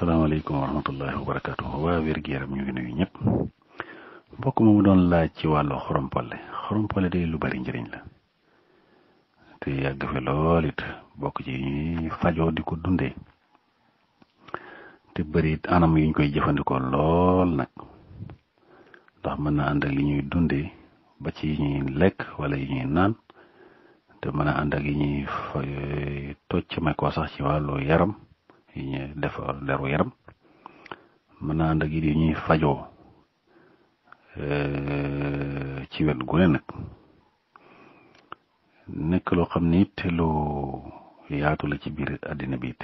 Assalamualaikum wa rahmatullahi wa barakaatu waa wér gi yaram ñu ngi nuyu ñëpp mbokk moomu doon laaj ci walu xorompolé xorompolé day lu bari ñëriñ la té yagg fi lool bokk ci fajo di ko dundee te bëri anam yuñ koy jëfëndiko lool nak ndax mëna na ak li ñuy dundé ba ci ñuy wala yi ñuy naan te mëna a ak yi ñuy tocc ko sax ci walu yaram yu ñuy defar deru yaram mën naa ànd ak yi ñuy fajoo euh, ci wet gu ne nag nekk loo xam ni it lu yaatu la ci biir àddina bi it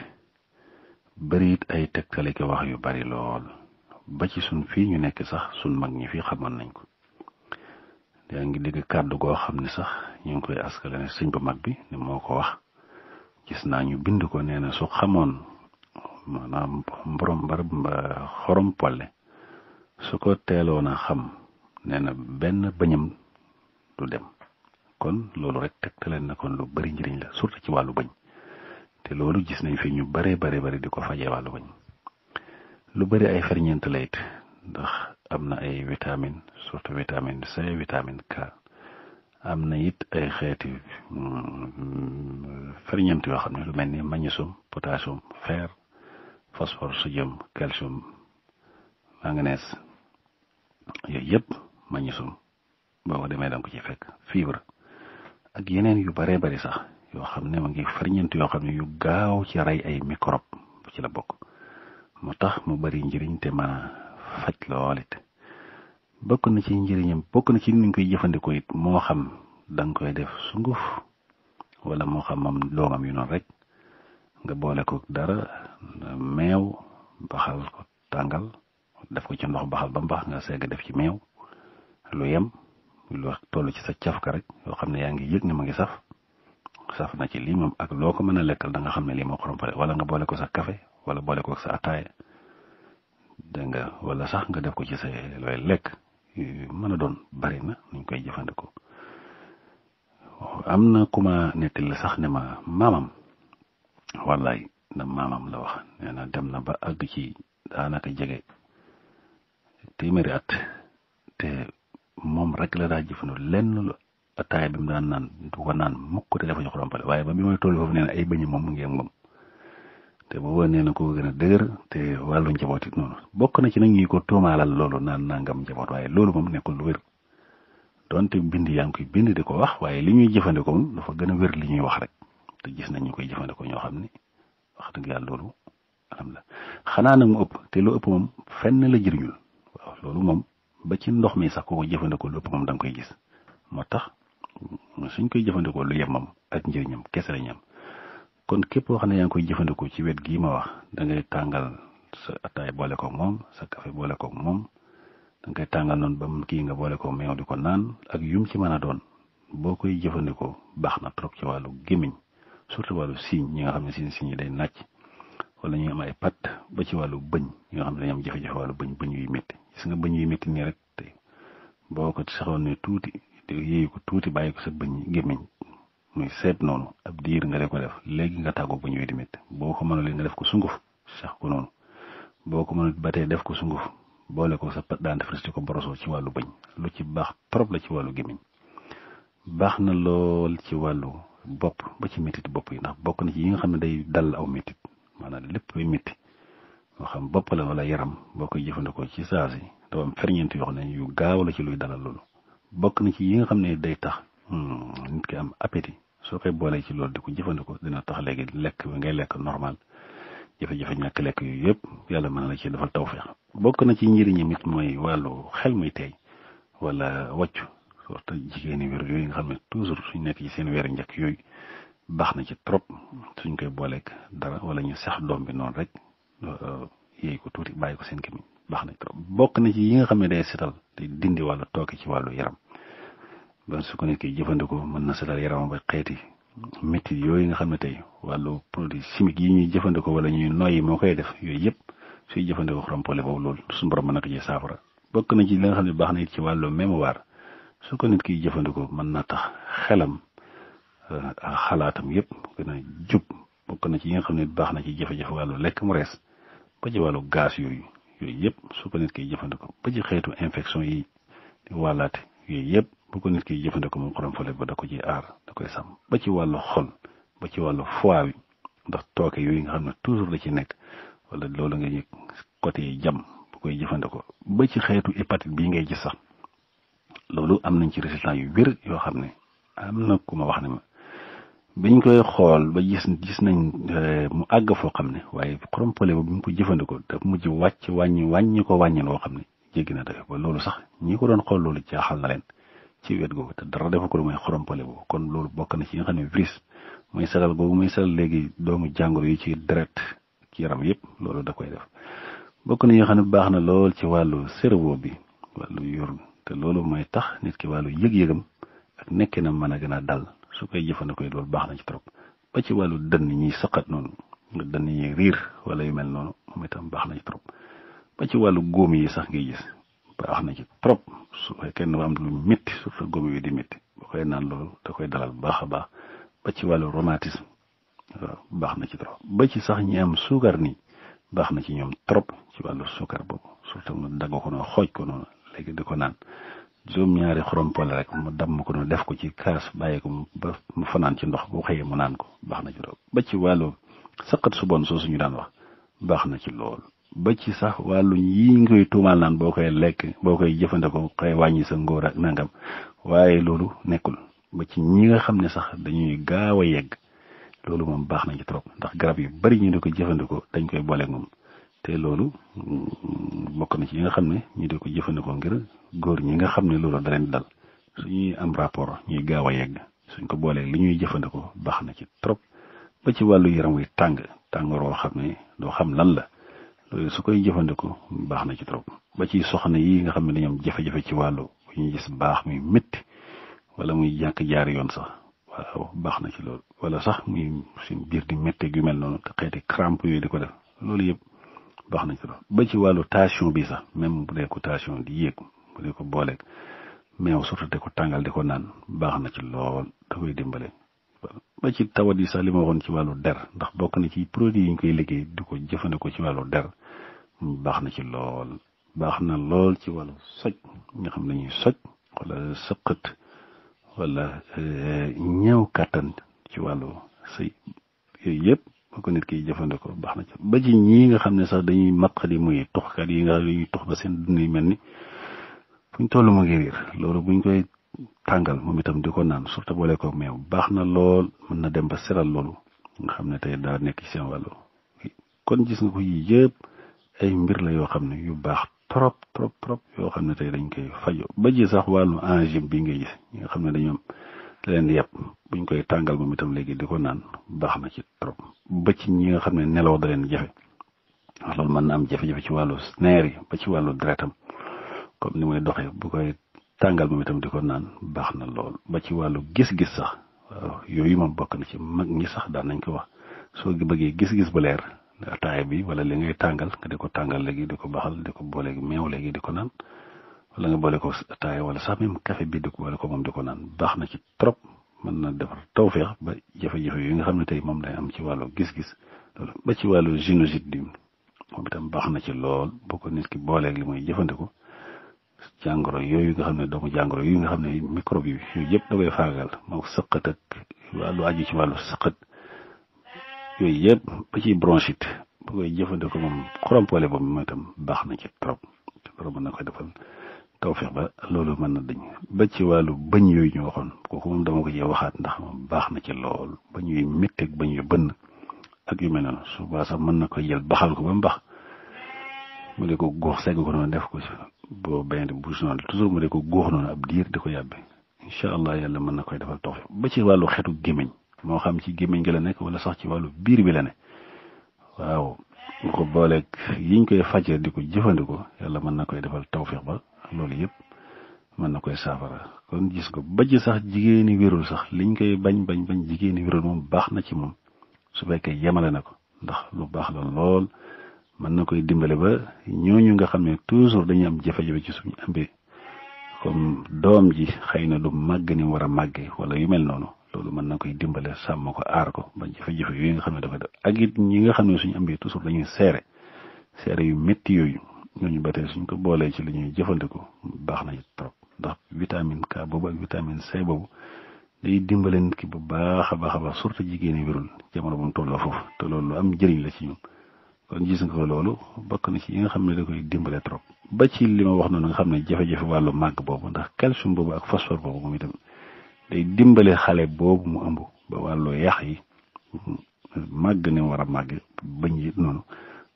bari it ay tegtale ki wax yu bari lool ba ci sun fii ñu nekk sax sun mag ñi fii xamoon nañ ko yaa ngi dégg kàddu goo xam ne sax ñu ngi koy askale ne sëñ bu mag bi ne moo ko wax gis naa ñu bind ko nee na su xamoon maanaam borom barab mba xorom polle su ko teeloon xam nee na benn bëñam du dem kon loolu rek tegtale na kon lu bari njëriñ la surtout ci wàllu bëñ te loolu gis nañ fi ñu baree bare bari di ko fajee wàllu bëñ lu bari ay ferñeent la it ndax am na ay vitamine surtout vitamine C vitamine K am na it ay xeeti mm, ferñeent yoo xam ne lu mel ni magnésium potassium fer phosphore sodium calcium manganese yoy ya, yep magnesium boko demé dang ko ci fekk fibre ak yenen yu bare bare sax yo xam ne ma ngi farignent yo xam yu gaaw ci ray ay microbe ci la bok motax mu bari njëriñ te ma fajj lolit loolit na ci njëriñam bokk na ci ni ngui jëfëndiko it mo xam dang koy def sunguf wala mo xam moom doomam yu non rek nga boole ko dara meew baxal ko tàngal def ko ci ndox baxal ba mbax nga segg def ci meew lu yem lu toll ci sa cafka rek yoo xam ne yaa ngi yëg ne ma ngi saf saf na ci lii moom ak loo ko mën a lekkal da nga xam ne lii moo xorom pare wala nga boole ko sa kafe wala boole ko sa ataaya dégg nga wala sax nga def ko ci sa looy lekk mën a doon bari na nuñ koy jëfandikoo am na ku ma nettali sax ne ma maamam wallaay na maamam la wax nee dem na ba àgg ci daanaka jege téeméeri at te moom rek la daa jëfandoo lenn lu ataaya bi mu daan naan du ko naan mukk te dafa ñu xorompale waaye ba bi mooy toll foofu ay bëñi moom mu ngi moom te booba nee na koo gën a dëgër te wàllu njaboot it noonu bokk na ci nag ñuy ko toomaalal loolu naan nangam njaboot waaye loolu moom nekkul lu wér donte bind yaa ngi koy bind di ko wax waaye li ñuy jëfandikoo dafa gën a wér li ñuy wax rek. te gis nañu koy jëfandiko ñoo xam ne wax dëgg yàlla loolu la xanaa nag mu ëpp te lu ëpp moom fenn la jëriñul waaw loolu moom ba ci ndox mi sax ko jëfandikoo lu ëpp moom da nga koy gis moo tax suñ koy jëfandikoo lu yemam ak njëriñam kese la ñam kon képp wax ne yaa ngi koy jëfandikoo ci wet gii ma wax da ngay tàngal sa ataay boole ko moom sa café boole ko moom da ngay tàngal noonu ba kii nga boole ko meew di ko naan ak yum ci mën a doon boo koy jëfandikoo baax na trop ci wàllu gémmiñ surtout wàllu siiñ ñi nga xam ne seen siiñ yi day naaj wala ñu am ay pat ba ci wàllu bëñ ñi nga xam ne dañu am jafe-jafe wàllu bëñ bëñ yuy métti gis nga bëñ yuy métti nii rek tey boo ko saxoon ne tuuti yéeyu ko tuuti bàyyi ko sa bëñ gémmiñ muy seet noonu ab diir nga de ko def léegi nga tàggoo bëñ yooyu di métti boo ko mënul nga def ko sunguf sax ko noonu boo ko mënul ba tey def ko sunguf boole ko sa pat dentifrice di ko borosoo ci wàllu bëñ lu ci baax trop la ci wàllu gémmiñ baax na lool ci wàllu bopp ba ci métit bopp yi ndax bokk na ci yi nga xam ne day dal aw métit maanaam lépp luy métti moo xam bopp la wala yaram boo koy jëfandikoo ci saa si dafa am ferñeent yoo xam ne yu gaaw la ci luy dalal loolu bokk na ci yi nga xam ne day tax hmm, nit ki am appétit soo koy boolee ci loolu di ko jëfandikoo dina tax léegi lekk bi ngay lekk normal jafe-jafe ñàkk lekk yooyu yëpp yàlla mën na la ci defal tawfeex bokk na ci njëriñam it mooy wàllu xel muy tey wala wàccu surta jigéeni wér yooyu nga xam ne toujours suñ nekk ci seen wér njëkk yooyu baax na ci trop suñ koy booleeg dara wala ñu sax doom bi noonu rek yéey ko tuuti bàyyi ko seen gémmiñ baax na trop bokk na ci yi nga xam ne day setal di dindi wàllu tooke ci wàllu yaram ban su ko nit ki jëfandikoo mën na setal yaram ba xeeti métti yooyu nga xam ne tey wàllu produit chimique yi ñuy jëfandikoo wala ñuy noyyi moo koy def yooyu yëpp suy jëfandikoo xorompole boobu loolu suñu borom mën na ko ci saafara bokk na ci li nga xam ne baax na it ci wàllu mémoire su ko nit kiy jëfandikoo mën na tax xelam euh, a xalaatam yëpp gën a jub bokk na ci yi nga xam ne baax na ci jafe-jafe wàllu lekk mu rees ba ci wàllu gaz yooyu yooyu yëpp su ko nit kiy jëfandikoo ba ci xeetu infection yi di wàllaate yooyu yëpp bu ko nit kiy jëfandikoo moom xorom fale ba da ko ci aar da koy sàmm ba ci wàllu xol ba ci wàllu foie wi ndax tooke yooyu nga xam ne toujours la ci nekk wala loolu nga yëg jam bu koy jëfandikoo ba ci xeetu hépatite bii ngay gis loolu am nañ ci résultat yu wér yoo xam ne am na ku ma wax ne ma biñ koy xool ba gis gis nañ euh, mu àgg foo xam ne waaye xorom pole bu mu ko jëfandikoo daf mujj wàcc wàññi wàññi ko wàññin woo xam ne jéggi na dafa ba loolu sax ñi ko doon xool loolu jaaxal na leen ci wet googu te dara defa ko lu may xorom pole boobu kon loolu bokk na ci nga xam ne virus muy salal googu muy salal léegi doomu jàngoro yi ci deret ci yaram yëpp loolu da koy def bokk na yoo xam ne baax na lool ci wàllu cerveau bi wàllu yor te loolu mooy tax nit ki wàllu yëg-yëgam ak nekkinam mën a gën a dal su koy jëfandikoo loolu baax na ci trop ba ci wàllu dënn ñiy saqat noonu dënn yi riir wala mel noonu moom itam baax na trop ba ci wàllu góom yi sax ngay gis baax na ci trop su fekkee ne am lu métti su sa góom yi di métti ba koy naan loolu da koy dalal bu baax a baax ba ci wàllu rhumatisme baax na ci trop ba ci sax ñi am suukar nii baax na ci ñoom trop ci wàllu suukar boobu surtout mu dagg ko noonu xooj ko noonu léegi di ko naan juróom ñaari xorom pole rek mu damm ko noonu def ko ci kaas bàyyi ko ba mu fanaan ci ndox bu xëyee mu naan ko baax na ci lool ba ci wàllu saqat su bon soosu ñu daan wax baax na ci lool ba ci sax wàllu yii nga koy tuumaal naan boo koy lekk boo koy jëfandikoo xëy wàññi sa ngóor ak nangam waaye loolu nekkul ba ci ñi nga xam ne sax dañuy gaaw a yegg loolu moom baax na ci trop ndax garab yu bari ñu di ko jëfandikoo dañ koy boole moom te loolu bokk na ci yi nga xam ne ñu di ko jëfandikoo ngir góor ñi nga xam ne loolu da leen dal suñuy am rapport ñuy gaaw a yegg suñ ko boolee li ñuy jëfandikoo baax na ci trop ba ci wàllu yaram wi tàng tàngoor woo xam ne doo xam lan la su koy jëfandikoo baax na ci trop ba ci soxna yi nga xam ne dañoom am jafe ci wàllu bu ñu gis baax muy métti wala muy jànk jaar yoon sax waaw baax na ci loolu wala sax muy suñ biir di métti gu mel noonu te xeeti crampe yooyu di ko def loolu yëpp. dox nañ ko ba ci wàllu tension bi sax même bu di yéeg bu ko booleeg meew surtout di ko tàngal di ko naan baax na ci lool da dimbale. ba ci tawat sax li ma waxoon ci wàllu der ndax bokk na ci produit yi ñu koy liggéey di ko jëfandikoo ci wàllu der baax na ci lool baax na lool ci wàllu soj nga xam nañuy soj wala sëqët wala eh, ñëw kàttan ci wàllu sëy yooyu yëpp ba ko nit kiy jëfandikoo baax na ci ba ci ñii nga xam ne sax dañuy maqali muy tuxkat yi nga xam ne dañuy tux ba seen dund yi mel ni fu ñu toll mu ngi riir loolu buñ koy tàngal moom itam di ko naan surtout boole ko meew baax na lool mën na dem ba seral loolu nga xam ne tey daa nekk ci seen wàllu kon gis nga ko yii yëpp ay mbir la yoo xam ne yu baax trop trop trop yoo xam ne tey dañ koy fajo ba ji sax wàllu angime bi nga gis ñi nga xam ne dañoo leen yàpp buñ koy tàngal moom itam léegi di ko naan baax na ci trop ba ci ñi nga xam ne nelaw da leen jafe wax loolu mën na am jafe-jafe ci wàllu neer yi ba ci wàllu deretam comme ni muy doxee bu koy tàngal moom itam di ko naan baax na lool ba ci wàllu gis-gis sax waaw yooyu moom bokk na ci mag ñi sax daan nañ ko wax soo bëggee gis-gis bu leer ataaya bi wala li ngay tàngal nga di ko tàngal léegi di ko baaxal di ko booleegi meew léegi di ko naan wala nga boole ko ataaya wala sax même café bi di wala ko moom di ko naan baax na ci trop mën na defar tawféex ba jafe-jafe yi nga xam ne tey moom day am ci wàllu gis-gis loolu ba ci wàllu génocide bi moom itam baax na ci lool bu ko nit ki booleeg li muy jëfandiku jàngoro yooyu nga xam ne doomu jàngoro yooyu nga xam ne microbe yi yooyu yëpp da koy faagal moo sëqat ak wàllu aju ci wàllu sëqat yooyu yëpp ba ci bronchite bu koy jëfandikoo moom xorompole boobu moom itam baax na ci trop te borom mën na koy defal توفيق با لولو من نديني بچي والو بن يوي ني وخون كوكو موم داما كو واخات ناخ باخنا سي لول بن يوي ميتك بن يوي بن اك يمي نان سو با سا من نكو يال باخال كو بام باخ مولي كو غور سيغ كو نون ديف كو سي بو بين بو جونال توجور مولي كو غور نون اب دير ديكو يابي ان شاء الله يالا من نكو ديفال توفيق بچي والو خيتو گيمن مو خام سي گيمن گلا نيك ولا صاح سي والو بير بي لا نيك واو ko boolek yiñ koy fàcce di ko yàlla mën na koy defal tawfiq ba loolu yëpp mën na koy saafara kon gis ko ba ci sax jigéeni wérul sax liñ koy bañ bañ bañ jigéeni wérul moom baax na ci moom su fekkee yemale na ko ndax lu baax la lool mën na koy dimbale ba ñooñu nga xam ne toujours dañuy am jafe ci suñu ambi comme doom ji xëy na du màgg ni war a màggee wala yu mel noonu loolu mën na koy dimbale sàmm ko aar ko ba jafe-jafe yooyu nga xam ne dafa def ak it ñi nga xam ne suñu ambi toujours dañuy seere seere yu metti yooyu ñooñu ba tey suñ ko boolee ci li ñuy jëfandikoo baax nañu trop ndax vitamine K boobu ak vitamine C boobu day dimbale nit ki bu baax a baax a baax surtout jigéen yi wérul jamono bu mu tolloo foofu te loolu lu am njëriñ la ci ñun kon gis nga loolu bokk na ci yi nga xam ne da koy dimbale trop ba ci li ma wax noonu nga xam ne jafe-jafe wàllu màgg boobu ndax calcium boobu ak phosphore boobu moom itam day dimbale xale boobu mu ëmb ba wàllu yax yi màgg ni war a màgg bañ yi noonu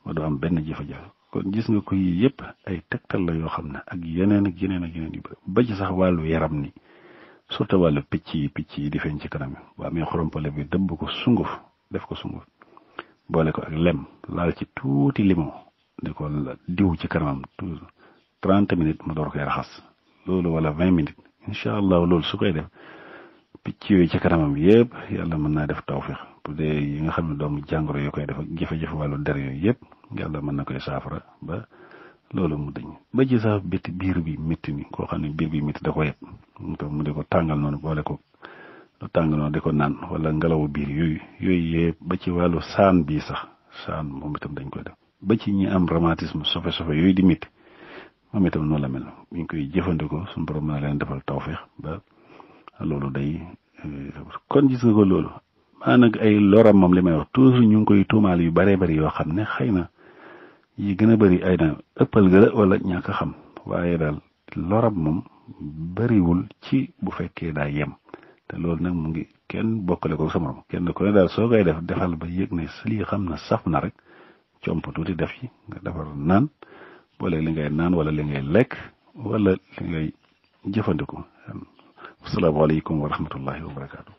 ba du am benn jafe kon gis nga ko yii yëpp ay tegtal la yoo xam ne ak yeneen ak yeneen ak yeneen yu ba ci sax wàllu yaram ni surtout wàllu picc yi picc yi di feeñ ci kanam yi bu amee xorompale bi dëbb ko sunguf def ko sunguf boole ko ak lem laal ci tuuti limon di ko diw ci kanamam toujours trente minutes mu door koy raxas loolu wala vingt minutes incha allah loolu su koy def picc yooyu ci kanamam yëpp yàlla mën naa def tawféex pour dee yi nga xam ne doomu jàngoro yoo koy def ak jafe wàllu der yooyu yëpp. yàlla mën na koy saafara ba loolu mu dañ ba ci sax bitti biir bi métti ni koo xam ne biir bi métti da ko yëpp mu di ko tàngal noonu boole ko lu tàng noonu de ko naan wala ngelawu biir yooyu yooyu yëpp ba ci wàllu saan bii sax saan moom dañ koy def ba ci ñi am rhumatisme sofe-sofe yooyu di métti moom itam noonu la mel ñu koy jëfandikoo suñu borom mën a leen defal tawféex ba loolu day euh, kon gis nga ko loolu nag ay loram moom li may wax toujours ñu ngi koy tuumaal yu baree bari yoo xam ne xëy na. yi gën a bëri ay na ëppal ga la wala ñàkk xam waaye daal lorab moom bariwul ci bu fekkee daa yem te loolu nag mu ngi kenn bokkale ko sama morom kenn ku ne daal soo koy def defal ba yëg ne lii xam na saf na rek comp tuuti def yi nga defar naan boole li ngay naan wala li ngay lekk wala li ngay jëfandiku asalaamaaleykum wa rahmatullahi wa barakaatu.